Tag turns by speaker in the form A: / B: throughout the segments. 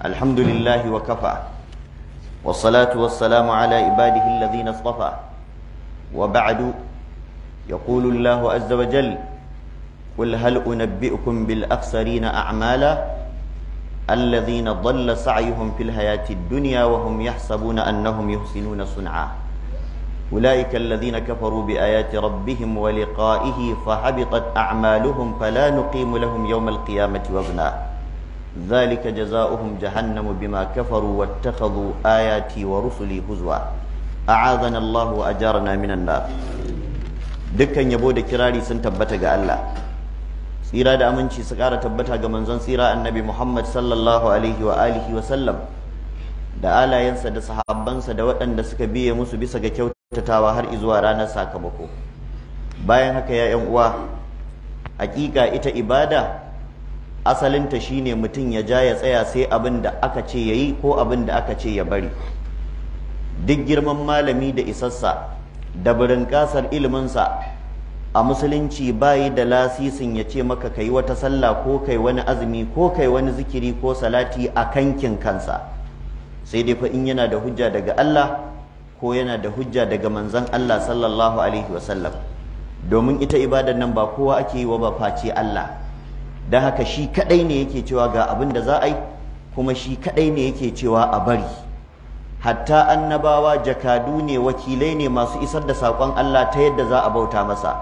A: الحمد لله وكفى والصلاة والسلام على عباده الذين اصطفى وبعد يقول الله عز وجل قل هل أنبئكم بالأخسرين أعمالا الذين ضل سعيهم في الحياة الدنيا وهم يحسبون أنهم يحسنون صنعا أولئك الذين كفروا بآيات ربهم ولقائه فحبطت أعمالهم فلا نقيم لهم يوم القيامة وزنا ذلك جزاؤهم جهنم بما كفروا واتخذوا آياتي ورسلي هزوا أعاذنا الله وأجارنا من النار dukkan yabo da kirari sun tabbata ga Allah tsira da aminci su ƙara tabbata ga manzon tsira annabi Muhammad sallallahu da alayensa da sahabbansa da waɗanda suka biye musu bisa ga kyautatawa har izuwa ranar sakamako bayan haka ya 'yan uwa hakika ita ibada asalinta shine mutum ya ja ya tsaya sai abin da aka ce ya yi ko abin da aka ce ya bari duk girman malami da isassa da birin kasar iliminsa a musulunci bayi da lasisin ya ce maka kai wata sallah ko kai wani azumi ko kai wani zikiri ko salati a kankin kansa sai dai fa in yana da hujja daga Allah ko yana da hujja daga manzon Allah sallallahu alaihi wasallam domin ita ibadar nan ba kowa ake yi wa ba face Allah don haka shi kaɗai ne yake cewa ga abin da za a yi kuma shi kaɗai ne yake cewa a bari hatta annabawa jakadu ne wakilai ne masu isar da saƙon Allah ta yadda za a bauta masa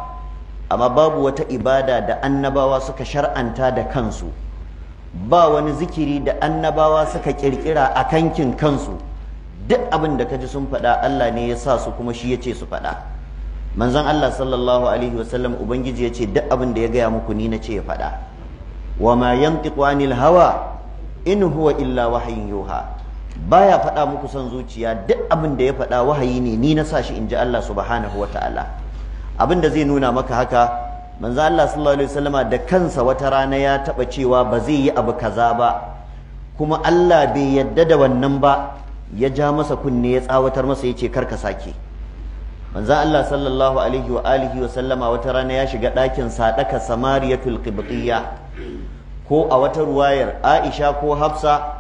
A: amma babu wata ibada da annabawa suka shar'anta da kansu ba wani zikiri da annabawa suka kirkira a kankin kansu duk abin da kaji sun faɗa Allah ne ya sa su kuma shi ya ce su faɗa manzon Allah sallallahu alaihi wasallam ubangiji ya ce duk abin da ya gaya muku ni na ce ya faɗa wa ma yantiqu anil hawa in huwa illa wahayin yuha baya faɗa muku son zuciya duk abin da ya faɗa wahayi ne ni na sa shi in ji Allah subhanahu wataala abin da zai nuna maka haka manzo Allah sallallahu alaihi wasallama da kansa wata rana ya taba cewa ba zai yi abu kaza ba kuma Allah bai yadda da wannan ba ya ja masa kunne ya tsawatar masa ya ce karka sake manzo Allah sallallahu alaihi wa alihi wa wata rana ya shiga ɗakin sadaka samariyatul qibtiyya ko a wata ruwayar aisha ko hafsa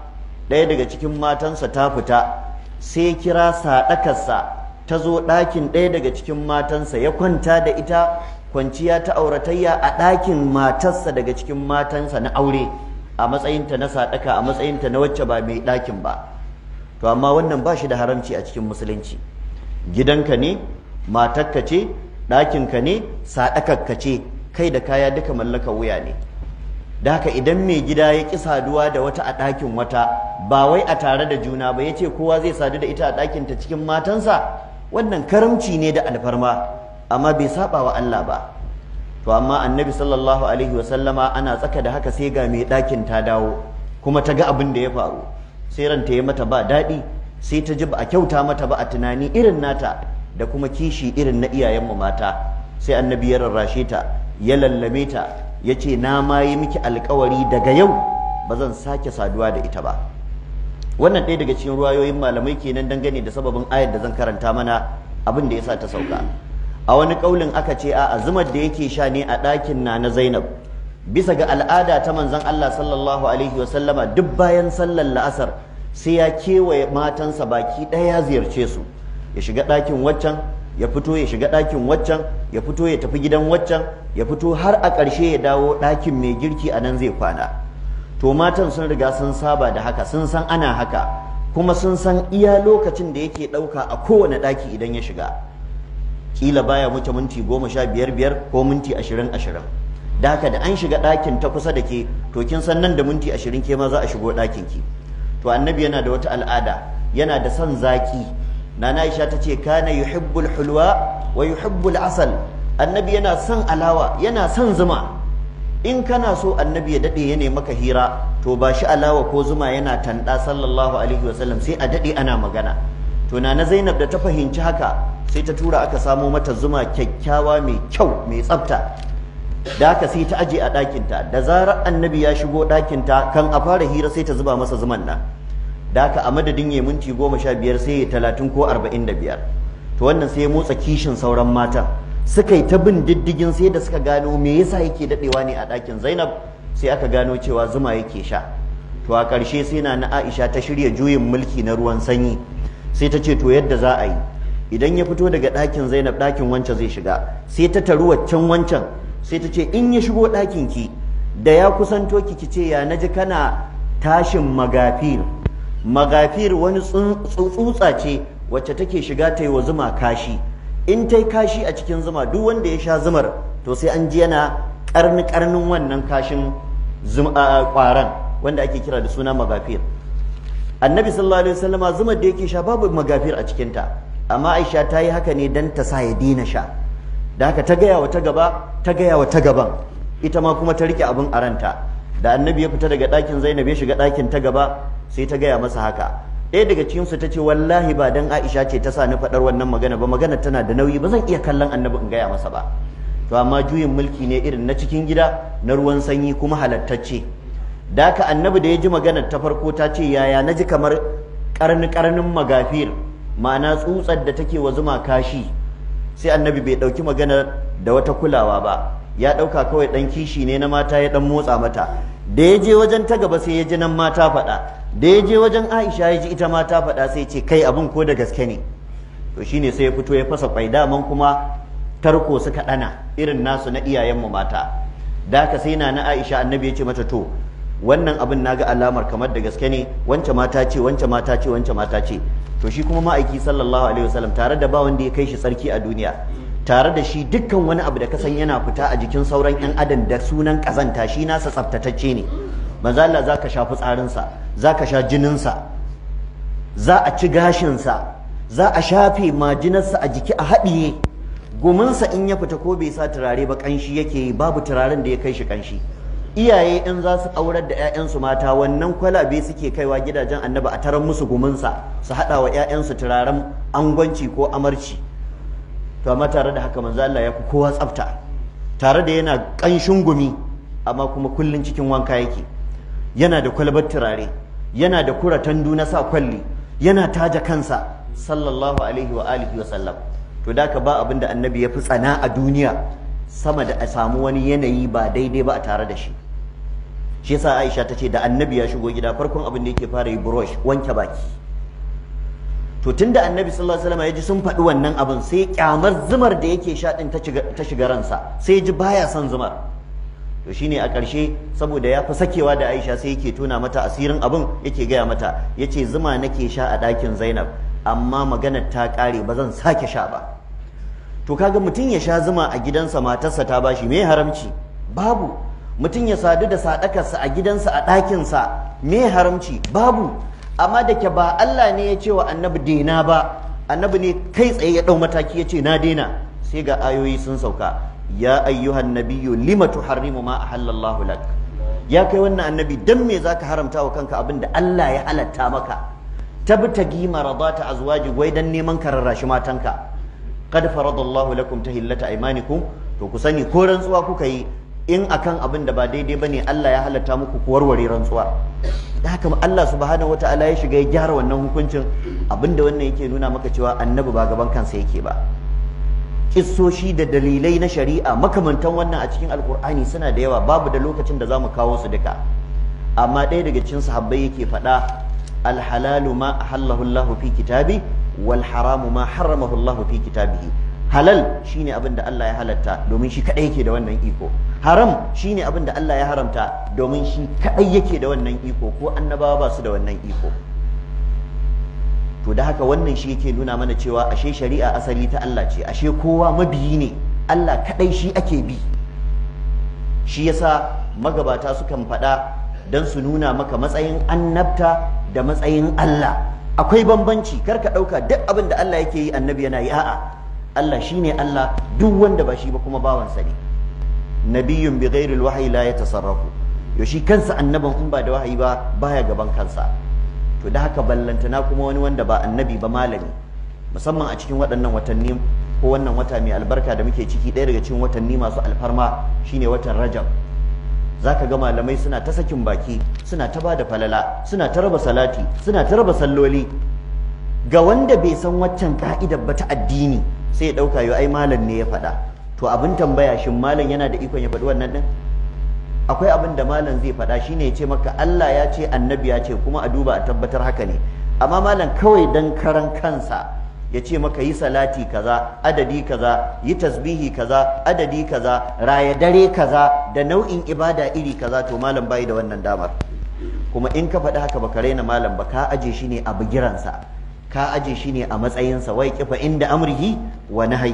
A: ɗaya daga cikin matansa ta fita sai kira sadakarsa ta zo ɗakin ɗaya daga cikin matansa ya kwanta da ita kwanciya ta auratayya a ɗakin matarsa daga cikin matansa na aure a matsayinta na sadaka a matsayinta na wacce ba mai ɗakin ba to amma wannan ba shi da haramci a cikin musulunci gidanka ne matarka ce ɗakinka ne sadakarka ce kai da kaya duka mallaka wuya ne da haka idan mai gida ya ƙi saduwa da wata a ɗakin wata ba wai a tare da juna ba ya ce kowa zai sadu da ita a ɗakinta cikin matansa wannan karamci ne da alfarma amma bai saba wa Allah ba to amma annabi sallallahu alaihi wasallama ana tsaka da haka sai ga mai ɗakin ta dawo kuma ta ga abin da ya faru sai ranta ya mata ba daɗi sai ta ji ba a kyauta mata ba a tunani irin nata da kuma kishi irin na iyayenmu mata sai annabi ya rarrashe ta ya lallame ta ya ce na ma yi miki alkawari daga yau ba zan sake saduwa da ita ba wannan ɗaya daga cikin ruwayoyin malamai kenan dangane da sababin ayar da zan karanta mana abin da ya sa ta sauka a wani ƙaulin aka ce a azumar da yake sha ne a ɗakin na na zainab bisa ga al'ada ta manzon allah sallallahu alaihi wasallama duk bayan sallar la'asar sai ya kewaye matansa baki ɗaya ya ziyarce su ya shiga ɗakin waccan ya fito ya shiga ɗakin waccan ya fito ya tafi gidan waccan ya fito har a ƙarshe ya dawo ɗakin mai girki a nan zai kwana to matan sun riga sun saba da haka sun san ana haka kuma sun san iya lokacin da yake ɗauka a kowane ɗaki idan ya shiga Ƙila baya wuce minti goma sha biyar biyar ko minti ashirin ashirin da haka da an shiga ɗakin ta kusa da ke to kin san nan da minti ashirin ke ma za a shigo ɗakin ki to annabi yana da wata al'ada yana da son zaki nana Aisha ta ce kana yuhibbul hulwa wa yuhibbul asal annabi yana son alawa yana son zuma in kana so annabi ya dade ya ne maka hira to ba shi alawa ko zuma yana tanda sallallahu alaihi wasallam sai a dade ana magana to nana Zainab da ta fahimci haka sai ta tura aka samo mata zuma kyakkyawa mai kyau mai tsafta da haka sai ta aje a ɗakinta da zarar annabi ya shigo ɗakinta kan a fara hira sai ta zuba masa zuman nan da haka a madadin ya minti goma sha biyar sai ya talatin ko arba'in da biyar to wannan sai ya motsa kishin sauran matan suka yi ta bin diddigin sai da suka gano me yasa yake dadewa ne a ɗakin zainab sai aka gano cewa zuma yake sha to a ƙarshe sai na na aisha ta shirya juyin mulki na ruwan sanyi sai ta ce to yadda za a yi idan ya fito daga ɗakin zainab ɗakin wancan zai shiga sai ta taru waccan wancan sai ta ce in ya shigo ɗakin ki da ya kusanto ki ki ce ya naji kana tashin magafin. magafir wani tsutsutsa ce wacce take shiga ta yi wa zuma kashi in ta yi kashi a cikin zuma duk wanda ya sha zumar to sai an ji yana karni karnin wannan kashin kwaran wanda ake kira da suna magafir annabi sallallahu alaihi wasallam zumar da yake sha babu magafir a cikin ta amma aisha ta yi haka ne dan ta sa ya dina sha da haka ta gaya wa ta gaba ta gaya wa ta gaban ita ma kuma ta rike abin aranta da annabi ya fita daga ɗakin zainab ya shiga ɗakin ta gaba sai ta gaya masa haka ɗaya daga cikinsu ta ce wallahi ba dan aisha ce ta sa ni faɗar wannan magana ba magana tana da nauyi ba zan iya kallon annabi in gaya masa ba to amma juyin mulki ne irin na cikin gida na ruwan sanyi kuma halattacce da ka annabi da ya ji maganar ta farko ta ce yaya na ji kamar karni karnin magafir ma'ana tsutsar da take wa zuma kashi sai annabi bai ɗauki magana da wata kulawa ba ya ɗauka kawai ɗan kishi ne na mata ya ɗan motsa mata da ya je wajen ta gaba sai ya ji nan mata faɗa da ya je wajen aisha ya ji ita mata faɗa sai ce kai abin ko da gaske ne to shine sai ya fito ya fasa kwai daman kuma tarko suka ɗana irin nasu na iyayenmu mata da ka sai na na aisha annabi ya ce mata to wannan abin na ga alamar kamar da gaske ne wance mata ce wance mata ce wance mata ce to shi kuma ma'aiki sallallahu alaihi wasallam tare da ba wanda ya kai shi tsarki a duniya tare da shi dukkan wani abu da ka san yana fita a jikin sauran yan adam da sunan kazanta shi nasa tsaftatacce ne za Allah zaka sha fitsarinsa ka sha jininsa za a ci gashinsa za a shafe majinarsa a jiki a haɗiye guminsa in ya fita ko bai sa turare ba kanshi yake babu turaren da ya kai shi kanshi iyaye in za su aurar da 'ya'yansu mata wannan kwalabe suke kaiwa gidajen annaba a taron musu guminsa su haɗa wa 'ya'yansu turaren angwanci ko amarci to amma tare da haka manzo Allah ya fi kowa tsafta tare da yana kanshin gumi amma kuma kullun cikin wanka yake yana da kwalbar turare yana da kuratan duna sa kwalli yana taja kansa sallallahu alaihi wa alihi wa sallam to da ka ba abinda annabi ya fi tsana a duniya sama da a samu wani yanayi ba daidai ba a tare da shi shi yasa Aisha ta ce da annabi ya shigo gida farkon abin da yake fara yi brush wanke baki to tunda annabi sallallahu alaihi wasallam ya ji sun faɗi wannan abin sai kyamar zumar da yake sha din ta shiga ransa sai ya ji baya son zumar to shine a ƙarshe saboda ya fi sakewa da Aisha sai yake tona mata asirin abin yake gaya mata yace zuma nake sha a ɗakin Zainab amma maganar ta ƙare ba zan sake sha ba to kaga mutum ya sha zuma a gidansa matarsa ta bashi me haramci babu mutum ya sadu da sadakarsa a gidansa a ɗakinsa me haramci babu amma da ke ba Allah ne ya ce wa annabi dena ba annabi ne kai tsaye ya ɗau mataki ya ce na dena sai ga ayoyi sun sauka ya ayyuhan nabiyyu lima tuharrimu ma ahallallahu lak ya kai wannan annabi dan me zaka haramta wa kanka abin da Allah ya halatta maka tabtagi maradata azwaji wai dan neman kararrashi matanka kad faradallahu lakum tahillata aymanikum to ku sani ko rantsuwa kuka yi in akan abin da ba daidai ba ne Allah ya halatta muku ku warware rantsuwa da haka Allah subhanahu wataala ya shiga ya gyara wannan hukuncin abinda wannan yake nuna maka cewa annabi ba gaban kansa yake ba kissoshi da dalilai na shari'a makamantan wannan a cikin alkur'ani suna da yawa babu da lokacin da za mu kawo su duka amma ɗaya daga cikin sahabbai yake faɗa alhalalu ma ahallahu fi kitabi wal haramu ma haramahu fi kitabihi halal shine abin da Allah ya halatta domin shi kadai yake da wannan iko haram shine abin da Allah ya haramta domin shi kaɗai yake da wannan iko ko annabawa ba su da wannan iko to da haka wannan shi yake nuna mana cewa ashe shari'a asali ta Allah ce ashe kowa mabiyi ne Allah kaɗai shi ake bi shi yasa magabata sukan faɗa don su nuna maka matsayin annabta da matsayin Allah akwai bambanci kar ka ɗauka duk abin da Allah yake yi annabi yana yi a'a Allah shine Allah duk wanda ba shi ba kuma bawansa ne Nabiyun bi wahayi alwahyi la yatasarrafu yo shi kansa annaban in ba da wahayi ba baya gaban kansa to da haka ballantana kuma wani wanda ba annabi ba malami musamman a cikin waɗannan watanni ko wannan wata mai albarka da muke ciki ɗaya daga cikin watanni masu alfarma shine watan rajab za ka ga malamai suna ta sakin baki suna ta ba falala suna ta raba salati suna ta raba salloli ga wanda bai san waccan ka'idar ba ta addini sai ya ɗauka yau ai malam ne ya faɗa to abin tambaya shin malam yana da ikon ya faɗi wannan ɗin akwai abin da malam zai faɗa shine ya ce maka Allah ya ce annabi ya ce kuma a duba a tabbatar haka ne amma malam kawai dan karan kansa ya ce maka yi salati kaza adadi kaza yi tasbihi kaza adadi kaza raya dare kaza da nau'in ibada iri kaza to malam bai da wannan damar kuma in ka faɗi haka baka raina malam ba ka aje shi ne a bigiransa ka aje shi ne a matsayinsa wai kifa inda amrihi wa Da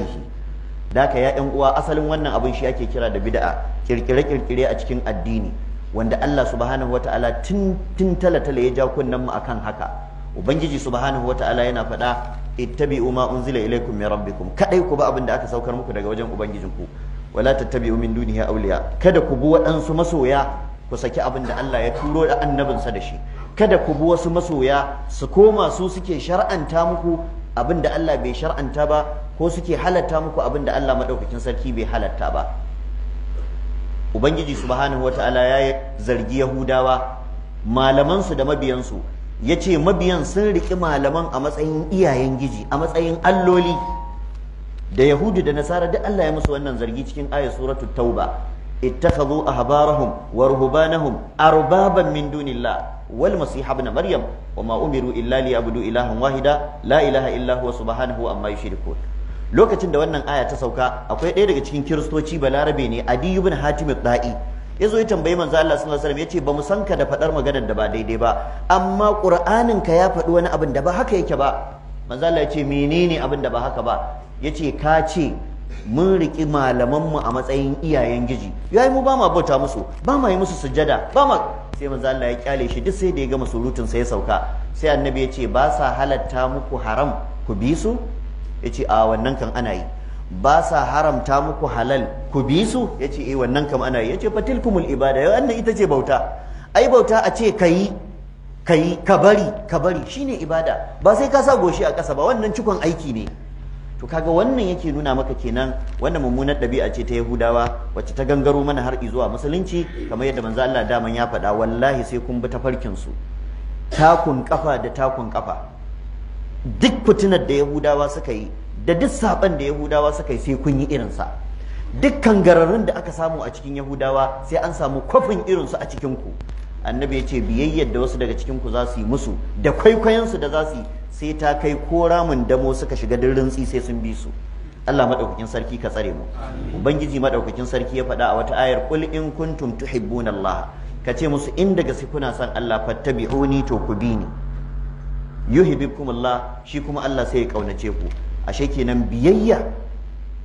A: daka ya yan uwa asalin wannan abin shi ake kira da bid'a kirkire kirkire a cikin addini wanda Allah subhanahu wa tun tun talatala ya ja kunnan mu akan haka ubangiji subhanahu ta'ala yana faɗa ittabi'u ma unzila ilaykum min rabbikum kadai ku ba abin da aka saukar muku daga wajen ubangijinku wala tattabi'u min duniya awliya kada ku bi waɗansu masoya ku saki abin da Allah ya turo da annabinsa da shi kada ku bi wasu masoya su koma su suke shar'anta muku abin da Allah bai shar'anta ba ko suke halatta muku abin da Allah madaukakin sarki bai halatta ba ubangiji subhanahu wataala ya zargi yahudawa malamansu da mabiyansu ya ce mabiyan sun riki malaman a matsayin iyayen giji a matsayin alloli da yahudu da nasara duk Allah ya musu wannan zargi cikin ayat suratul tauba ittakhadhu ahbarahum wa ruhbanahum arbaban min dunillah wal masih ibn maryam wa ma'umiru illa liyabudu ilahan wahida la ilaha illa huwa subhanahu amma lokacin da wannan aya ta sauka akwai ɗaya daga cikin kiristoci balarabe ne adi ibn hatim da'i ya zo ya tambayi manzo Allah sallallahu yace bamu ya ce ba san ka da faɗar maganar da ba daidai ba amma qur'anin ka ya faɗi wani abin da ba haka yake ba manzo Allah ya ce menene abin da ba haka ba ya ce ka ce mun riƙi malamanmu a matsayin iyayen giji yi mu ba ma bauta musu ba ma yi musu sujada. ba ma sai manzo Allah ya kyale shi duk sai da ya gama surutun sai ya sauka sai annabi ya ce ba sa halatta muku haram ku bi su ya ce a wannan kan ana yi ba sa haramta muku halal ku bi su ya ce eh wannan kam ana yi ya ce fatilkumul ibada wannan ita ce bauta ai bauta a ce kayi kayi ka bari ka bari shine ibada ba sai ka sa goshi a ƙasa ba wannan cikon aiki ne to kaga wannan yake nuna maka kenan wannan mummunar ɗabi'a ce ta Yahudawa wacce ta gangaro mana har zuwa musulunci kamar yadda manzo Allah daman ya faɗa wallahi sai kun bi tafarkin su takun kafa da takun kafa duk fitinar da Yahudawa suka yi da duk saban da Yahudawa suka yi sai kun yi irin sa dukkan gararin da aka samu a cikin Yahudawa sai an samu kwafin irin su a cikin ku annabi ya ce biyayyar da wasu daga cikin ku za su yi musu da kwaikwayensu da za su yi sai ta kai ko ramin damo suka shiga rintsi sai sun bi su Allah madaukakin sarki ka tsare mu ubangiji madaukakin sarki ya faɗa a wata ayar qul in kuntum tuhibbuna Allah ka ce musu in daga sai kuna son Allah fattabi'uni to ku bi ni yuhibbukum Allah shi kuma Allah sai ya kaunace ku ashe kenan biyayya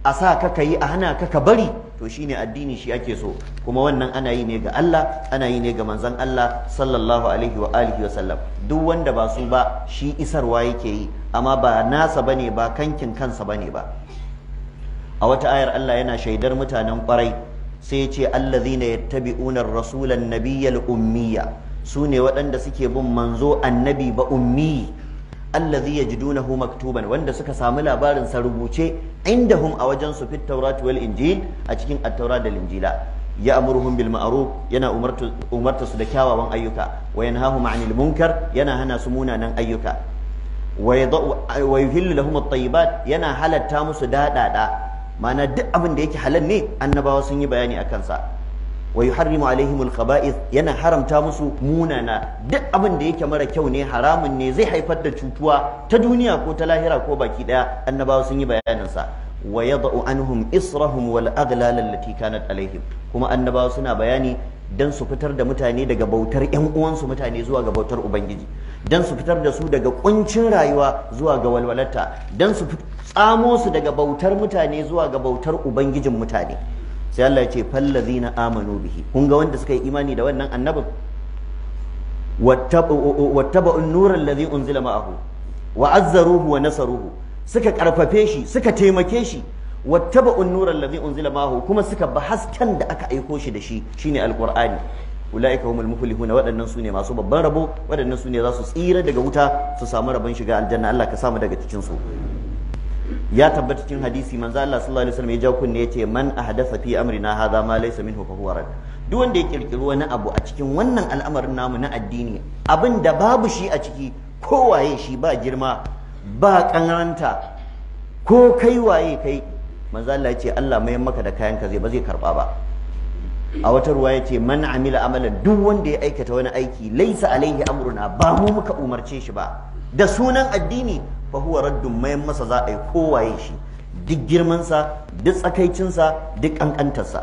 A: a sa ka ka yi a hana ka ka bari to shine addini shi ake so kuma wannan ana yi ne ga Allah ana yi ne ga manzon Allah sallallahu alaihi wa alihi wasallam duk wanda ba su ba shi isarwa yake yi amma ba nasa bane ba kankin kansa bane ba a wata ayar Allah yana shaidar mutanen kwarai sai ya Allah allazina yattabi'una ar unar rasulan nabiyyal ummiya su ne waɗanda suke bin manzo annabi ba ummi allazi yajidunahu maktuban wanda suka samu labarin sa rubuce indahum a wajen su fit tawrat wal injil a cikin at-taurat injila ya'muruhum bil ma'ruf yana umarta su da kyawawan ayyuka wa yanhahum 'anil munkar yana hana su munanan ayyuka wa yuhillu lahum at-tayyibat yana halatta musu dadada ma'ana duk abin da yake halal ne annabawa sun yi bayani akan sa wa yuharrimu alaihim alkhaba'ith yana haramta musu munana duk abin da yake mara kyau ne haramun ne zai haifar da cutuwa ta duniya ko ta lahira ko baki daya annabawa sun yi bayanin sa wa yad'u anhum israhum wal aghlal allati kanat alaihim kuma annabawa suna bayani dan su fitar da mutane daga bautar ƴan uwansu mutane zuwa ga bautar ubangiji dan su fitar da su daga kuncin rayuwa zuwa ga walwalata. dan su tsamo su daga bautar mutane zuwa ga bautar ubangijin mutane sai Allah ya ce fallazina amanu bihi kun ga wanda suka yi imani da wannan annabin wattaba'un nuran ladhi unzila ma'ahu wa azzaruhu wa nasaruhu suka karfafe shi suka taimake shi wattaba'un nuran unzila ma'ahu kuma suka ba hasken da aka aiko shi da shi shine alqur'ani ulaika humul muflihuna waɗannan su ne masu babban rabo waɗannan su ne za su tsira daga wuta su samu rabon shiga aljanna Allah ka samu daga cikin su ya tabbata cikin hadisi manzo Allah sallallahu alaihi wasallam ya ja kunne yace man ahdatha fi amrina hadha ma laysa minhu fa huwa rad duk wanda ya kirkiri wani abu a cikin wannan al'amarin namu na addini abin da babu shi a ciki ko waye shi ba girma ba kanranta ko kai waye kai manzo Allah yace Allah mai maka da kayan ka zai ba zai karba ba a wata ruwa yace man amila amalan duk wanda ya aikata wani aiki laisa alaihi amruna ba mu muka umarce shi ba da sunan addini fa huwa raddun mayan masa za a yi kowaye shi duk girmansa duk tsakaicinsa duk kankantarsa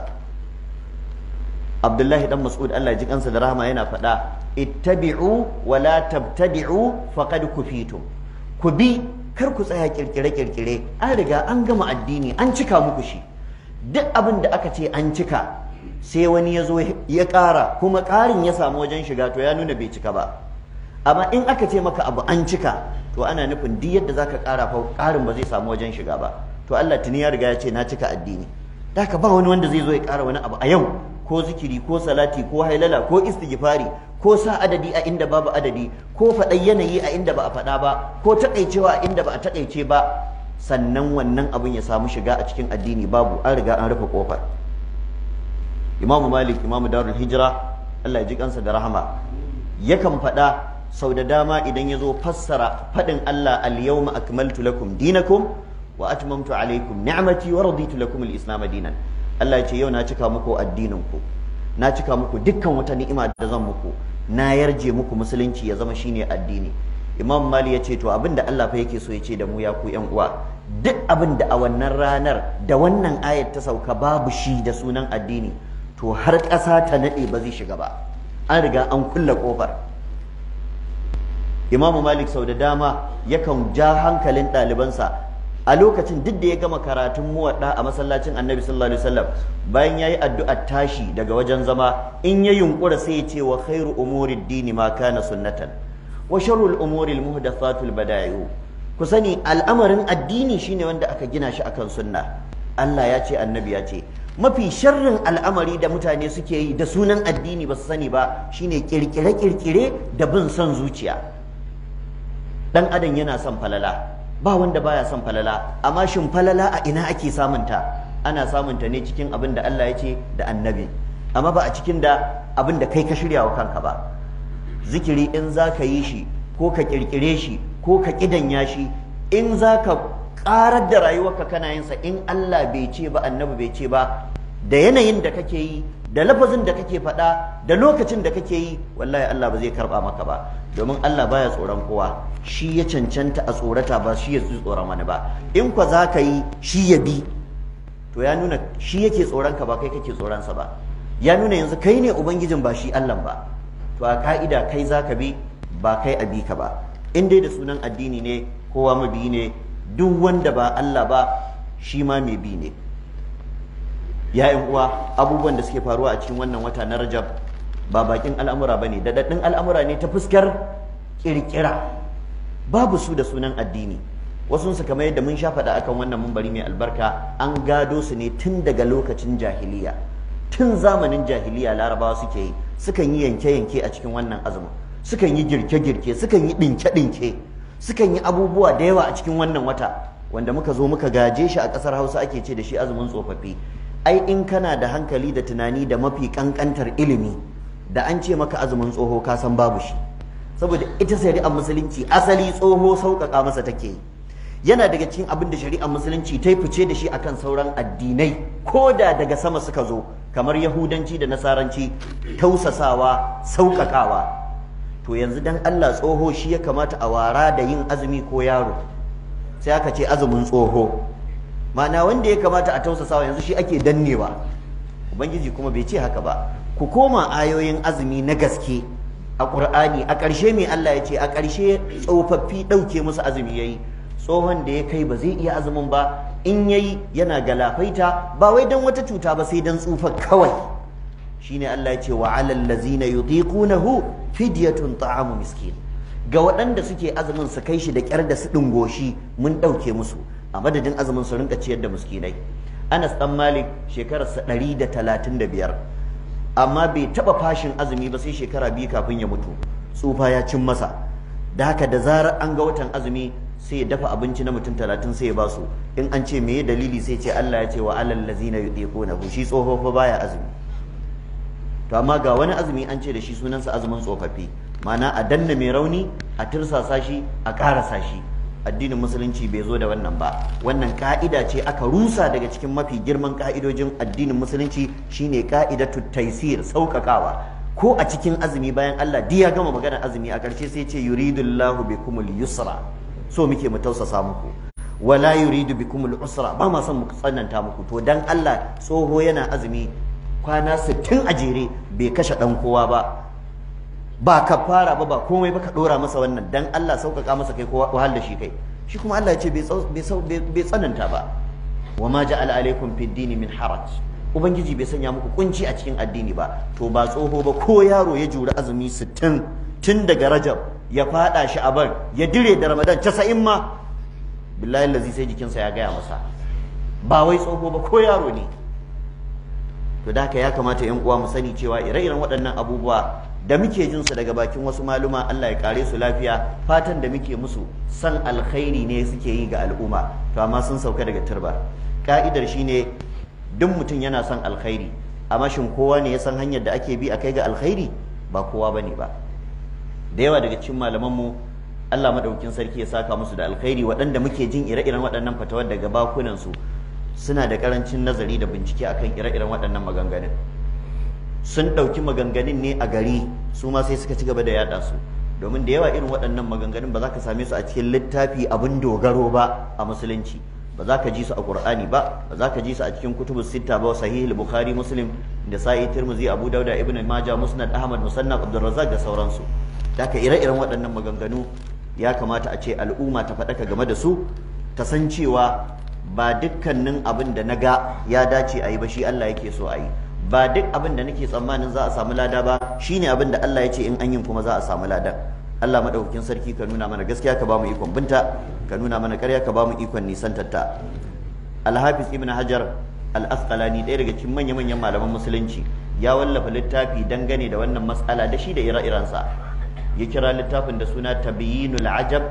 A: Abdullahi dan Mas'ud Allah ji kansa da rahama yana faɗa ittabi'u wa la tabtadi'u faqad kufitum ku bi kar ku tsaya kirkire kirkire an riga an gama addini an cika muku shi duk abin da aka ce an cika sai wani ya zo ya ƙara kuma ƙarin ya samu wajen shiga to ya nuna bai cika ba amma in aka ce maka abu an cika to ana nufin duk yadda zaka ƙara fa ƙarin ba zai samu wajen shiga ba to Allah tuni ya riga ya ce na cika addini ka ba wani wanda zai zo ya ƙara wani abu a yau ko zikiri ko salati ko hailala ko istighfari ko sa adadi a inda babu adadi ko faɗa yanayi a inda ba a faɗa ba ko taƙaicewa a inda ba a taƙaice ba sannan wannan abun ya samu shiga a cikin addini babu an riga an rufe kofar imamu malik imamu darul hijira Allah ya ji kansa da rahama yakan faɗa sau da dama idan ya zo fassara faɗin Allah al yau akmaltu lakum dinakum wa atmamtu alaikum ni'amati wa raditu lakum al-islam dinan Allah ya ce yau na cika muku addinin ku na cika muku dukkan wata ni'ima da zan muku na yarje muku musulunci ya zama shine addini Imam Mali ya ce to abin da Allah fa yake so ya ce da mu ya ku yan uwa duk abin da a wannan ranar da wannan ayat ta sauka babu shi da sunan addini to har ƙasa ta nade ba zai shiga ba an riga an kulle kofar imamu malik sau da dama yakan ja hankalin ɗalibansa a lokacin duk da ya gama karatun muwaɗa a masallacin annabi sallallahu alaihi wasallam bayan ya yi addu'ar tashi daga wajen zama in ya yunƙura sai ya ce wa khairu umuri dini ma kana sunnatan wa sharul umuri muhdathatul bada'i'u ku sani al'amarin addini shine wanda aka gina shi akan sunna Allah ya ce annabi ya ce mafi sharrin al'amari da mutane suke yi da sunan addini ba su sani ba shine kirkire-kirkire da bin son zuciya dan adam yana son falala ba wanda baya son falala amma shin falala a ina ake samun ta ana samunta ne cikin abin da Allah ya ce da annabi amma ba a cikin da abin da kai ka shirya wa kanka ba zikiri in za ka yi shi ko ka kirkire shi ko ka kidanya shi in za ka karar da rayuwarka kana yinsa in Allah bai ce ba annabi bai ce ba da yanayin da kake yi da lafazin da kake faɗa da lokacin da kake yi wallahi Allah ba zai karba maka ba domin Allah baya tsoron kowa shi ya cancanta a tsorata ba shi ya tsoron wani ba in kwa za ka yi shi ya bi to ya nuna shi yake tsoron ka ba kai kake tsoron sa ba ya nuna yanzu kai ne ubangijin ba shi Allah ba to a ka'ida kai za ka bi ba kai a bi ka ba in dai da sunan addini ne kowa mabi ne duk wanda ba Allah ba shi ma mai bi ne ya yan uwa abubuwan da suke faruwa a cikin wannan wata na rajab ba bakin al'amura ba ne daɗaɗɗin al'amura ne ta fuskar ƙirƙira babu su da sunan addini wasu su kamar yadda mun sha faɗa akan wannan mumbari mai albarka an gado su ne tun daga lokacin jahiliya tun zamanin jahiliya larabawa suke yi sukan yi yanke-yanke a cikin wannan azumin sukan yi girke-girke sukan yi ɗinke-ɗinke sukan yi abubuwa da yawa a cikin wannan wata wanda muka zo muka gaje shi a ƙasar hausa ake ce da shi azumin tsofaffi ai in kana da hankali da tunani da mafi kankantar ilimi da an ce maka azumin tsoho ka san babu shi saboda ita shari'ar musulunci asali tsoho sauƙaƙa masa take yana daga cikin abin da shari'ar musulunci ta fice da shi akan sauran addinai ko da daga sama suka zo kamar yahudanci da nasaranci tausasawa sauƙaƙawa to yanzu dan Allah tsoho shi ya kamata a wara da yin azumi ko yaro sai aka ce azumin tsoho ma'ana wanda ya kamata a tausasa wa yanzu shi ake dannewa ubangiji kuma bai ce haka ba ku koma ayoyin azumi na gaske a ƙur'ani a ƙarshe mai Allah ya ce a ƙarshe tsofaffi ɗauke musu azumi yayi tsohon da ya kai ba zai iya azumin ba in yayi yana galafaita ba wai don wata cuta ba sai don tsufa kawai shine Allah ya ce wa alal ladzina yutiqunahu fidyatun ta'amu miskin ga waɗanda suke azumin su kai shi da kyar da su ɗungoshi mun ɗauke musu a madadin azumin su rinka ciyar da muskinai. Anas dan Malik shekararsa 135 amma bai taba fashin azumi ba sai shekara biyu kafin ya mutu tsufa ya cin masa da haka da zarar an ga watan azumi sai ya dafa abinci na mutum talatin sai ya ba su in an ce me dalili sai ce Allah ya ce wa alal ladzina hu shi tsoho fa baya azumi to amma ga wani azumi an ce da shi sunansa azumin tsofaffi ma'ana a danna mai rauni a tirsasa shi a ƙarasa shi addinin musulunci bai zo da wannan ba wannan ka'ida ce aka rusa daga cikin mafi girman ka'idojin addinin musulunci shine ka'idatu taysir saukakawa ko a cikin azumi bayan Allah duk ya gama maganar azumi a karshe sai ce yuridullahu bikumul yusra so muke mu tausasa muku wala yuridu bikumul usra ba ma son mu tsananta muku to dan Allah tsoho yana azumi kwana 60 a jere bai kashe dan kowa ba ba ka fara ba ba komai ba ka dora masa wannan dan Allah sauƙaƙa masa kai ko wahal shi kai shi kuma Allah ya ce bai tsananta ba wa ma ja'al alaikum fid dini min haraj ubangiji bai sanya muku kunci a cikin addini ba to ba tsoho ba ko yaro ya juri azumi 60 tun daga rajab ya fada shi a bar ya dire da ramadan 90 ma billahi allazi sai jikinsa ya gaya masa ba wai tsoho ba ko yaro ne to da haka ya kamata yan uwa mu sani cewa ire-iren waɗannan abubuwa da muke jin su daga bakin wasu maluma Allah ya kare su lafiya fatan da muke musu san alkhairi ne suke yi ga al'umma to amma sun sauka daga turba ka'idar shine duk mutum yana son alkhairi amma shin kowa ne ya san hanyar da ake bi a kai ga alkhairi ba kowa bane ba da yawa daga cikin malaman mu Allah madaukin sarki ya saka musu da alkhairi waɗanda muke jin ire-iren waɗannan fatawar daga bakunan su suna da karancin nazari da bincike akan ire-iren waɗannan maganganun sun ɗauki maganganun ne a gari su ma sai suka ci gaba da yada su domin da yawa irin waɗannan maganganun ba za ka same su a cikin littafi abin dogaro ba a musulunci ba za ka ji su a qur'ani ba ba za ka ji su a cikin kutubu sitta ba sahih bukhari muslim da sa'i tirmidhi abu dauda ibn majah musnad ahmad musannad abdurrazzaq da sauransu daka ire-iren waɗannan maganganu ya kamata a ce al'umma ta faɗaka game da su ta san cewa ba dukkanin abin da na ga ya dace a yi ba shi Allah yake so a yi ba duk abin da nake tsammanin za a samu lada ba ne abin da Allah ya ce in an yin kuma za a samu ladan Allah madaukakin sarki ka nuna mana gaskiya ka ba mu ikon binta ka nuna mana ƙarya ka ba mu ikon nisantarta Al-Hafiz Ibn Hajar Al-Asqalani ɗaya daga cikin manya-manyan malaman musulunci ya wallafa littafi dangane da wannan matsala da shi da ire sa ya kira littafin da suna tabyinul ajab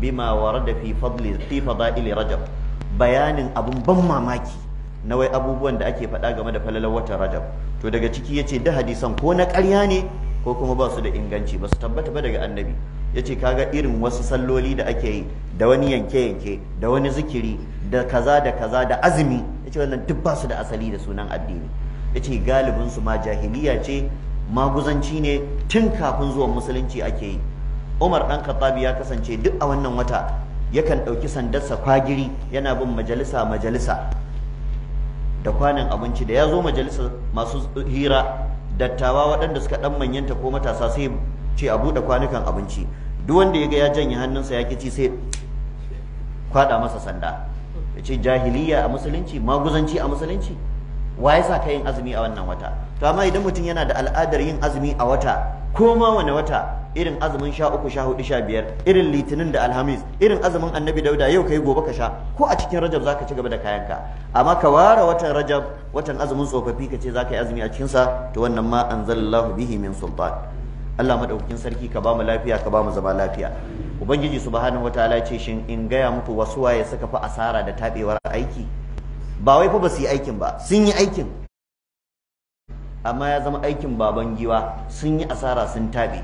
A: bima warada fi fadli fi fadaili rajab bayanin abun ban mamaki na wai abubuwan da ake faɗa game da falalar watan rajab to daga ciki yace da hadisan ko na ƙarya ne ko kuma ba su da inganci ba su tabbata ba daga annabi yace kaga irin wasu salloli da ake yi da wani yanke yanke da wani zikiri da kaza da kaza da azumi yace wannan duk ba su da asali da sunan addini yace galibin su ma jahiliya ce maguzanci ne tun kafin zuwan musulunci ake yi Umar dan Khattab ya kasance duk a wannan wata yakan ɗauki sandarsa kwagiri yana bin majalisa majalisa da kwanan abinci da ya zo majalisa masu hira dattawa waɗanda suka ɗan manyanta ko matasa sai ce a buɗe kwanukan abinci duk wanda ya ga ya janye hannunsa ya ci, sai kwaɗa masa sanda ya ce jahiliya a musulunci maguzanci a musulunci wa ya sa ka yin azumi a wannan wata to amma idan mutum yana da al'adar yin azumi a wata ko ma wani wata irin azumin sha uku sha hudu sha biyar irin litinin da alhamis irin azumin annabi dauda yau kai gobe ka sha ko a cikin rajab zaka ci gaba da kayanka amma ka ware watan rajab watan azumin tsofaffi ka ce zaka yi azumi a cikinsa, sa to wannan ma anzalallahu bihi min sultan Allah madaukakin sarki ka ba mu lafiya ka ba mu zama lafiya ubangiji subhanahu wataala ya ce shin in gaya muku wasu waye suka fi asara da tabewar aiki ba wai fa ba su yi aikin ba sun yi aikin amma ya zama aikin baban giwa sun yi asara sun tabe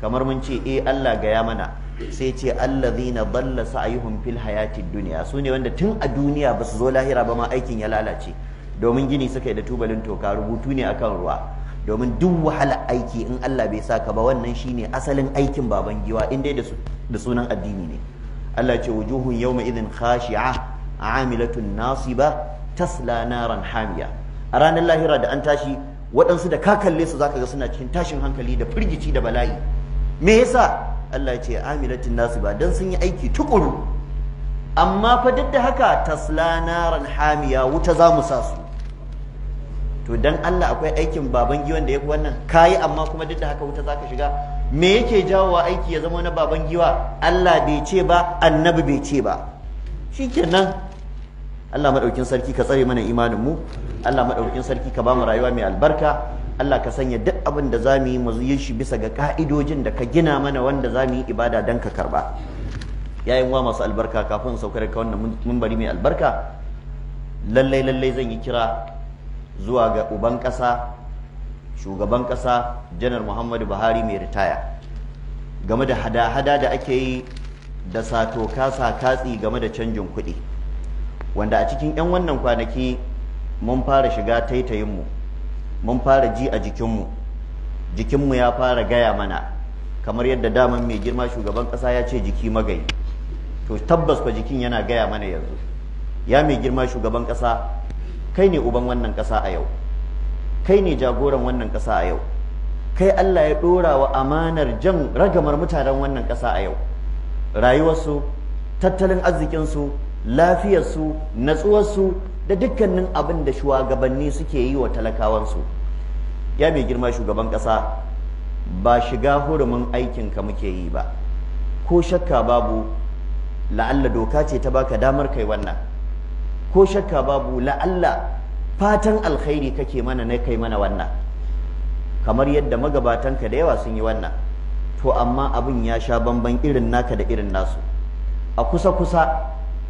A: kamar mun ce eh Allah gaya mana sai ce allazina dalla yi fil hayati duniya su ne wanda tun a duniya ba su zo lahira ba ma aikin ya lalace domin gini suka yi da tubalin toka rubutu ne akan ruwa domin duk wahala aiki in Allah bai sa ka ba wannan shine asalin aikin baban giwa in dai da sunan addini ne Allah ce wujuhun yawma idhin khashi'a amilatun nasiba tasla naran hamiya a ranar lahira da an tashi waɗansu da ka kalle su zaka ga suna cikin tashin hankali da firgici da bala'i me yasa Allah ya ce amilatin nasu ba dan sun yi aiki tukuru amma fa duk da haka tasla naran hamiya wuta za mu sa su to dan Allah akwai aikin baban giwan da yake wannan kayi amma kuma duk da haka wuta zaka shiga me yake jawowa aiki ya zama na baban giwa Allah bai ce ba annabi bai ce ba shikenan Allah maɗaukin sarki ka tsare mana imanin mu Allah maɗaukin sarki ka bamu rayuwa mai albarka Allah ka sanya duk abin da zamu yi mu yi shi bisa ga ka'idojin da ka gina mana wanda zamu yi ibada dan ka karba yayin wa masu albarka kafin saukar ka wannan munbari mai albarka lallai lallai zan yi kira zuwa ga uban ƙasa shugaban ƙasa janar muhammadu buhari mai ritaya game da hada-hada da ake yi da sato kasa katsi game da canjin kuɗi wanda a cikin 'yan wannan kwanaki mun fara shiga taitayinmu mun fara ji a jikinmu jikinmu ya fara gaya mana kamar yadda daman mai girma shugaban ƙasa ya ce jiki magayi to tabbas fa jikin yana gaya mana yanzu ya mai girma shugaban ƙasa kai ne uban wannan ƙasa a yau kai ne jagoran wannan ƙasa a yau kai Allah ya ɗora wa amanar jan ragamar mutanen wannan ƙasa a yau rayuwarsu tattalin arzikinsu lafiyarsu natsuwarsu da dukkanin abin da shugabanni suke yi wa talakawansu ya mai girma shugaban ƙasa ba shiga hurumin aikinka muke yi ba ko shakka babu la'alla doka ce ta baka damar kai wannan ko shakka babu la'alla fatan alkhairi kake mana na kai mana wannan kamar yadda magabatanka da yawa sun yi wannan to amma abin ya sha bamban irin naka da irin nasu a kusa-kusa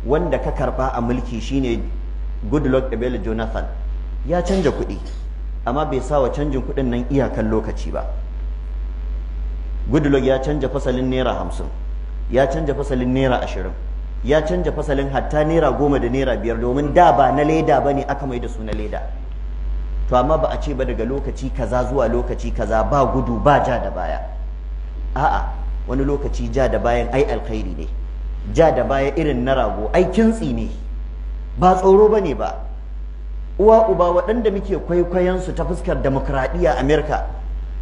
A: wanda ka karba a mulki shine goodluck ebele jonathan ya canja kuɗi amma bai sa wa canjin kuɗin nan iyakan lokaci ba goodluck ya canja fasalin naira hamsin ya canja fasalin naira ashirin ya canja fasalin hatta naira goma da naira biyar domin da ba na leda ba ne aka mai da su na leda to amma ba a ce ba daga lokaci kaza zuwa lokaci kaza ba gudu ba ja da baya a'a wani lokaci ja da bayan ai alkhairi ne ja da baya irin na rago ai kintsi ne ba tsoro bane ba uwa uba waɗanda muke su ta fuskar demokradiyya amerika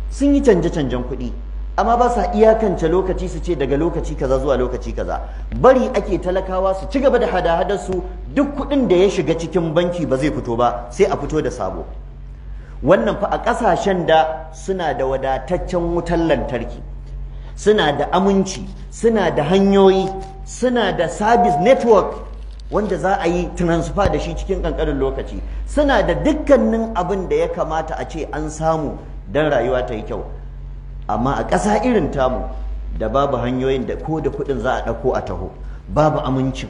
A: sun yi canje-canjen kuɗi amma ba sa iyakance lokaci su ce daga lokaci kaza zuwa lokaci kaza bari ake talakawa su ci gaba da hada-hadar su duk kuɗin da ya shiga cikin banki ba zai fito ba sai a fito da sabo wannan fa a ƙasashen da suna da wadataccen wutar lantarki suna da aminci suna da hanyoyi suna da service network wanda za a yi transfer da shi cikin kankanin lokaci suna da dukkanin abin da ya kamata a ce an samu don rayuwa ta yi kyau amma a ƙasa irin tamu da babu hanyoyin da ko da kuɗin za a ɗauko a taho babu amincin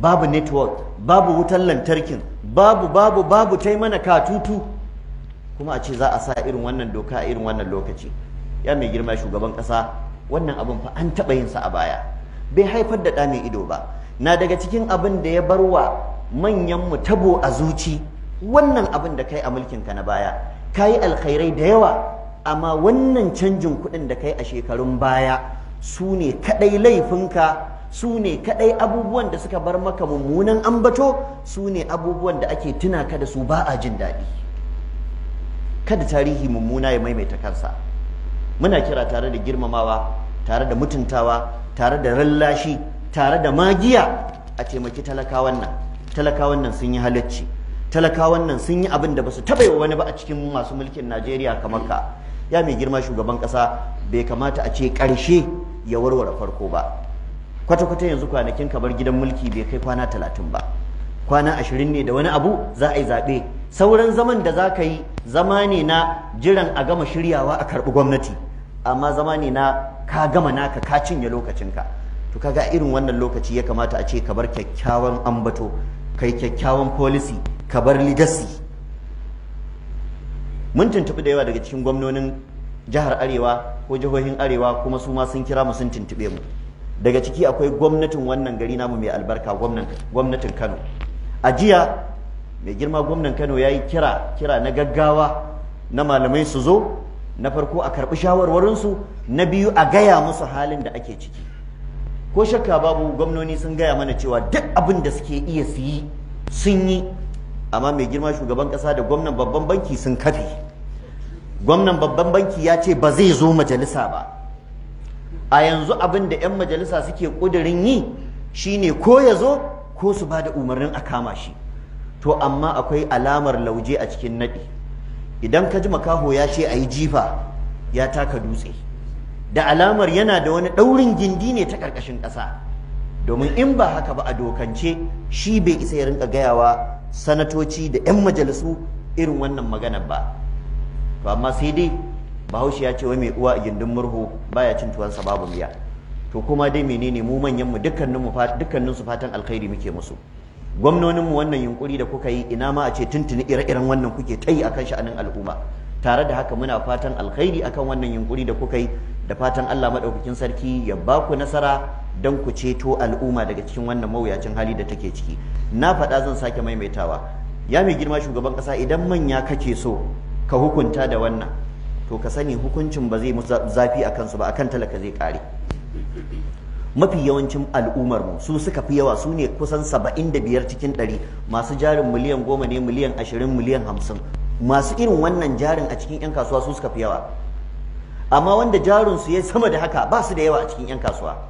A: babu network babu wutar lantarkin babu babu babu ta mana katutu kuma a ce za a sa irin wannan doka a irin wannan lokaci ya mai girma shugaban ƙasa wannan abin fa an taɓa yin sa a baya bai haifar da ɗa mai ido ba na daga cikin abin da ya bar wa manyan mu tabo a zuci wannan abin da kai a mulkin ka na baya ka alkhairai da yawa amma wannan canjin kuɗin da kai a shekarun baya su ne kaɗai laifinka su ne kaɗai abubuwan da suka bar maka mummunan ambato su ne abubuwan da ake tuna ka da su ba a jin daɗi kada tarihi mummuna ya maimaita kansa muna kira tare da girmamawa tare da mutuntawa tare da rallashi tare da magiya a taimaki talakawan nan talakawan nan sun yi halacci talakawan nan sun yi abin da ba su taɓa yi wani ba a cikin masu mulkin najeriya kamar ka ya mai girma shugaban ƙasa bai kamata a ce ƙarshe ya warware farko ba kwata-kwata yanzu kwanakin kamar gidan mulki bai kai kwana talatin ba kwana ashirin ne da wani abu za a yi zaɓe sauran zaman da za ka yi zama ne na jiran a gama shiryawa a karɓi gwamnati amma zama ne na ka gama naka ka cinye lokacinka to kaga irin wannan lokaci ya kamata a ce ka bar kyakkyawan ambato kai kyakkyawan policy ka bar legacy mun tuntuɓi da yawa daga cikin gwamnonin jihar arewa ko jihohin arewa kuma su ma sun kira mu sun tuntuɓe mu daga ciki akwai gwamnatin wannan gari namu mai albarka gwamnatin kano a jiya mai girma gwamnan Kano ya yi kira kira na gaggawa na malamai su zo na farko a karɓi shawarwarinsu na biyu a gaya musu halin da ake ciki ko shakka babu gwamnoni sun gaya mana cewa duk abin da suke iya su yi sun yi amma mai girma shugaban ƙasa da gwamnan babban banki sun kafe gwamnan babban banki ya ce ba zai zo majalisa ba a yanzu abin da 'yan majalisa suke ƙudurin yi shine ko ya zo ko su ba da umarnin a kama shi to amma akwai alamar lauje a cikin naɗi idan ka ji makaho ya ce a jifa ya taka dutse da alamar yana da wani ɗaurin gindi ne ta ƙarƙashin ƙasa domin in ba haka ba a dokance shi bai isa ya rinka gayawa sanatoci da 'yan majalisu irin wannan magana ba to amma sai dai bahaushe ya ce wai mai uwa a gindin murhu baya cin tuwansa babu miya to kuma dai menene mu manyan mu dukkanin dukkanin su fatan alkhairi muke musu gwamnonin mu wannan yunkuri da kuka yi ina ma a ce tuntuni ire-iren wannan kuke tayi akan sha'anin al'umma tare da haka muna fatan alkhairi akan wannan yunkuri da kuka yi da fatan Allah madaukakin sarki ya ba ku nasara dan ku ceto al'umma daga cikin wannan mawuyacin hali da take ciki na faɗa zan sake maimaitawa ya mai girma shugaban ƙasa idan manya kake so ka hukunta da wannan to ka sani hukuncin ba zai musu zafi a kansu ba akan talaka zai kare. mafi yawancin al'ummar mu su suka fi yawa su ne kusan 75 cikin 100 masu jarin miliyan 10 ne miliyan 20 miliyan 50 masu irin wannan jarin a cikin 'yan kasuwa su suka fi yawa amma wanda jarin su ya sama da haka ba su da yawa a cikin 'yan kasuwa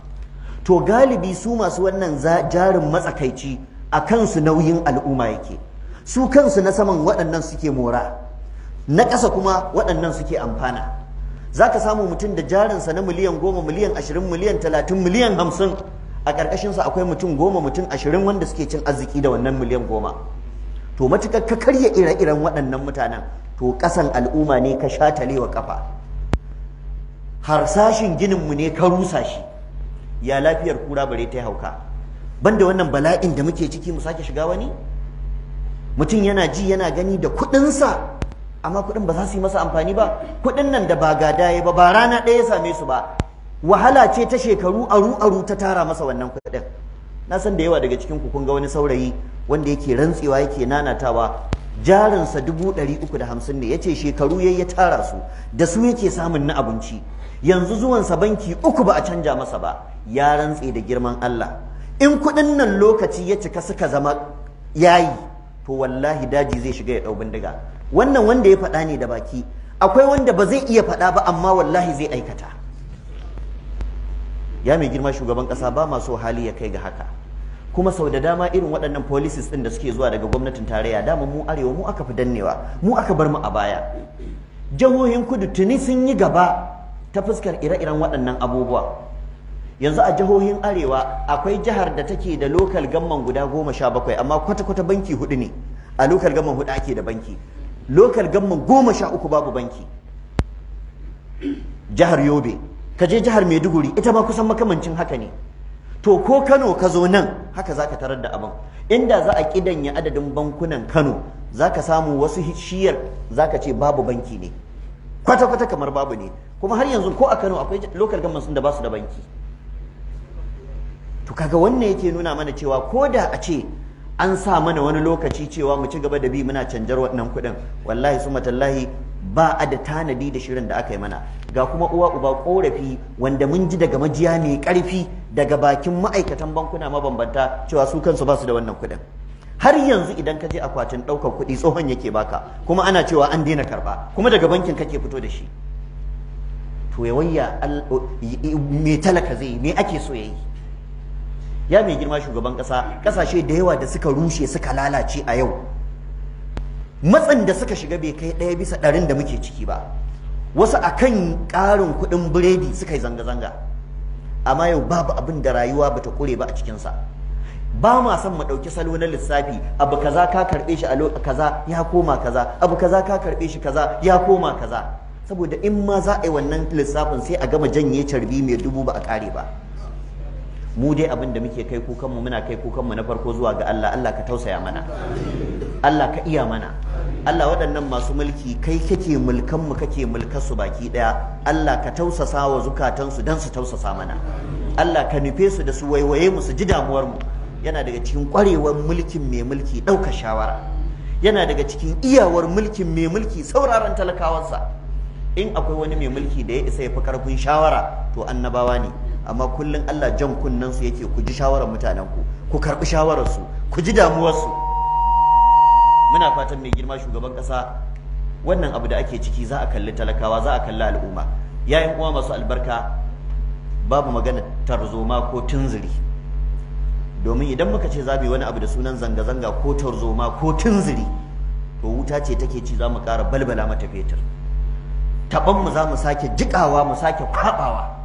A: to galibi su masu wannan jarin matsakaici a kansu nauyin al'umma yake su kansu na saman waɗannan suke mora na ƙasa kuma waɗannan suke amfana zaka samu mutum da jarinsa na miliyan goma miliyan ashirin miliyan talatin miliyan hamsin a ƙarƙashinsa akwai mutum goma mutum ashirin wanda suke cin arziki da wannan miliyan goma to matukar ka karya ire-iren waɗannan mutanen to ƙasan al'umma ne ka shatalewa kafa harsashin gininmu ne ka rusa shi ya lafiyar kura bare ta hauka banda wannan bala'in da muke ciki mu sake shiga wani mutum yana ji yana gani da kuɗinsa amma kuɗin ba za su yi masa amfani ba kuɗin nan da ba gada ya ba ba rana ɗaya ya same su ba wahala ce ta shekaru aru aru ta tara masa wannan kuɗin na san da yawa daga cikin ku kun ga wani saurayi wanda yake rantsewa yake nanatawa jarinsa dubu ɗari uku da hamsin ne ya ce shekaru ya ya tara su da su yake samun na abinci yanzu zuwansa banki uku ba a canja masa ba ya rantse da girman Allah in kuɗin nan lokaci ya cika suka zama yayi to wallahi daji zai shiga ya ɗau bindiga wannan wanda ya faɗa ne da baki akwai wanda ba zai iya faɗa ba amma wallahi zai aikata ya mai girma shugaban ƙasa ba masu hali ya kai ga haka kuma sau da dama irin waɗannan policies ɗin da suke zuwa daga gwamnatin tarayya dama mu arewa mu aka fi dannewa mu aka bar mu a baya jihohin kudu tuni sun yi gaba ta fuskar ire-iren waɗannan abubuwa yanzu a jihohin arewa akwai jihar da take da lokal gamman guda goma sha bakwai amma kwata-kwata banki hudu ne a lokal gamman hudu ake da banki local gamman goma sha uku babu banki jihar yobe ka je jihar maiduguri ita ma kusan makamancin haka ne to ko kano ka zo nan haka za ka tarar da abin inda za a kidanya adadin bankunan kano za ka samu wasu shiyar ka ce babu banki ne kwata kwata kamar babu ne kuma har yanzu ko a kano akwai local gamman sun da basu da banki to kaga wannan yake nuna mana cewa ko da a ce an sa mana wani lokaci cewa mu ci gaba da bi muna canjar wannan kuɗin wallahi su matallahi ba a da tanadi da shirin da aka yi mana ga kuma uwa uba korafi wanda mun ji daga majiya mai ƙarfi daga bakin ma'aikatan bankuna mabambanta cewa su kansu ba su da wannan kuɗin har yanzu idan ka je akwatin ɗaukar kuɗi tsohon yake baka kuma ana cewa an daina karɓa kuma daga bankin kake fito da shi to yawayya me talaka zai yi me ake so ya yi ya mai girma shugaban ƙasa, ƙasashe da yawa da suka rushe suka lalace a yau matsan da suka shiga bai kai ɗaya bisa ɗarin da muke ciki ba wasu akan ƙarin kuɗin biredi suka yi zanga-zanga amma yau babu abin da rayuwa bata kure ba a cikinsa ba ma son mu ɗauki salo na lissafi abu kaza ka karɓe shi a kaza ya koma kaza abu kaza ka karɓe shi kaza ya koma kaza saboda in ma za a yi wannan lissafin sai a gama janye carbi mai dubu ba a ƙare ba mu dai abin da muke kai kukanmu muna kai kukanmu na farko zuwa ga Allah Allah ka tausaya mana Allah ka iya mana Allah waɗannan masu mulki kai kake mulkanmu kake mulkarsu baki ɗaya Allah ka tausasa wa zukatansu don su tausasa mana Allah ka nufe su da su waiwaye mu su ji mu. yana daga cikin ƙwarewar mulkin mai mulki ɗauka shawara yana daga cikin iyawar mulkin mai mulki sauraron talakawansa in akwai wani mai mulki da ya isa ya fi ƙarfin shawara to annabawa ne amma kullum Allah jan kunnen su yake ku ji shawarar mutanen ku ku karbi shawarar su ku ji damuwar su muna fatan mai girma shugaban ƙasa. wannan abu da ake ciki za a kalli talakawa za a kalli al'umma yayin uwa masu albarka babu magana tarzoma ko tunzuri domin idan muka ce za mu yi wani abu da sunan zanga-zanga ko tarzoma ko tunzuri to wuta ce take ci za mu ƙara balbala mata fetur taɓanmu za mu sake jikawa mu sake kwaɓawa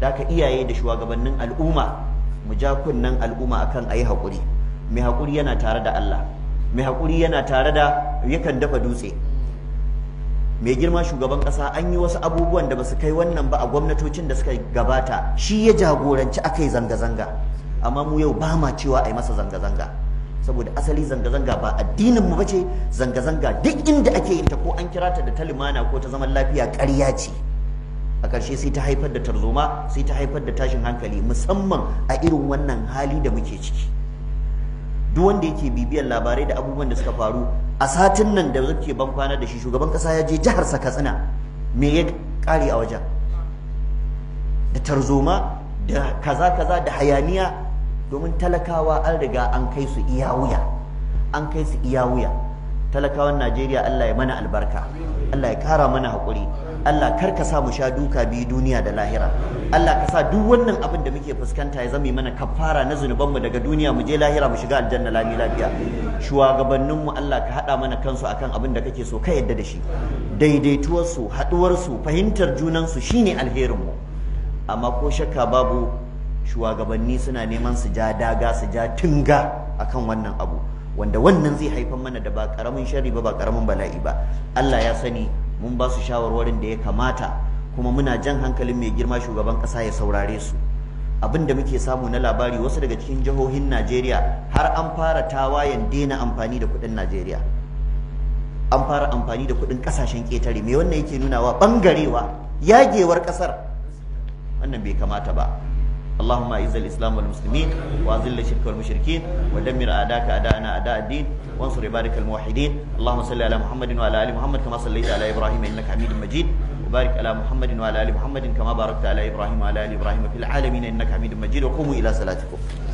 A: da ka iyaye da shugabannin al'umma mu ja kunnan al'umma akan ayi hakuri mai hakuri yana tare da Allah mai haƙuri yana tare da yakan dafa dutse mai girma shugaban ƙasa an yi wasu abubuwan da basu kai wannan ba a gwamnatocin da suka gabata shi ya jagoranci akai zanga-zanga amma mu yau ba ma cewa a yi masa zanga-zanga saboda asali zanga-zanga ba addinin mu bace zanga-zanga duk inda ake yin ta ko an kira ta da talimana ko ta zaman lafiya ƙarya ce a ƙarshe sai ta haifar da tarzoma sai ta haifar da tashin hankali musamman a irin wannan hali da muke ciki duk wanda yake bibiyar labarai da abubuwan da suka faru a satin nan da zuke ban kwana da shi shugaban kasa ya je jihar sa katsina me ya kare a wajen da tarzoma da kaza kaza da hayaniya domin talakawa an riga an kai su iya wuya an kai su iya wuya talakawan najeriya allah ya mana albarka allah ya kara mana haƙuri Allah kar ka sa mu sha duka biyu duniya da lahira Allah ka sa duk wannan abin da muke fuskanta ya zame mana kafara na zunubanmu daga duniya mu je lahira mu shiga aljanna lami lafiya shugabannin mu Allah ka hada mana kansu akan abin da kake so ka yadda da shi daidaituwar su haduwar su fahimtar junan su shine alherin mu amma ko shakka babu shugabanni suna neman su ja daga su ja tunga akan wannan abu wanda wannan zai haifar mana da ba karamin sharri ba ba karamin bala'i ba Allah ya sani mun ba su shawarwarin da ya kamata kuma muna jan hankalin mai girma shugaban kasa ya saurare su abin da muke samu na labari wasu daga cikin jihohin Najeriya har an fara tawayen daina amfani da kuɗin Najeriya an fara amfani da kuɗin ƙasashen ƙetare me wannan yake nunawa bangarewa yagewar ƙasar wannan bai kamata ba اللهم اعز الاسلام والمسلمين واذل الشرك والمشركين ودمر اعداءك اعداءنا اعداء الدين وانصر عبادك الموحدين اللهم صل على محمد وعلى ال محمد كما صليت على ابراهيم انك حميد مجيد وبارك على محمد وعلى ال محمد كما باركت على ابراهيم وعلى ال ابراهيم في العالمين انك حميد مجيد وقوموا الى صلاتكم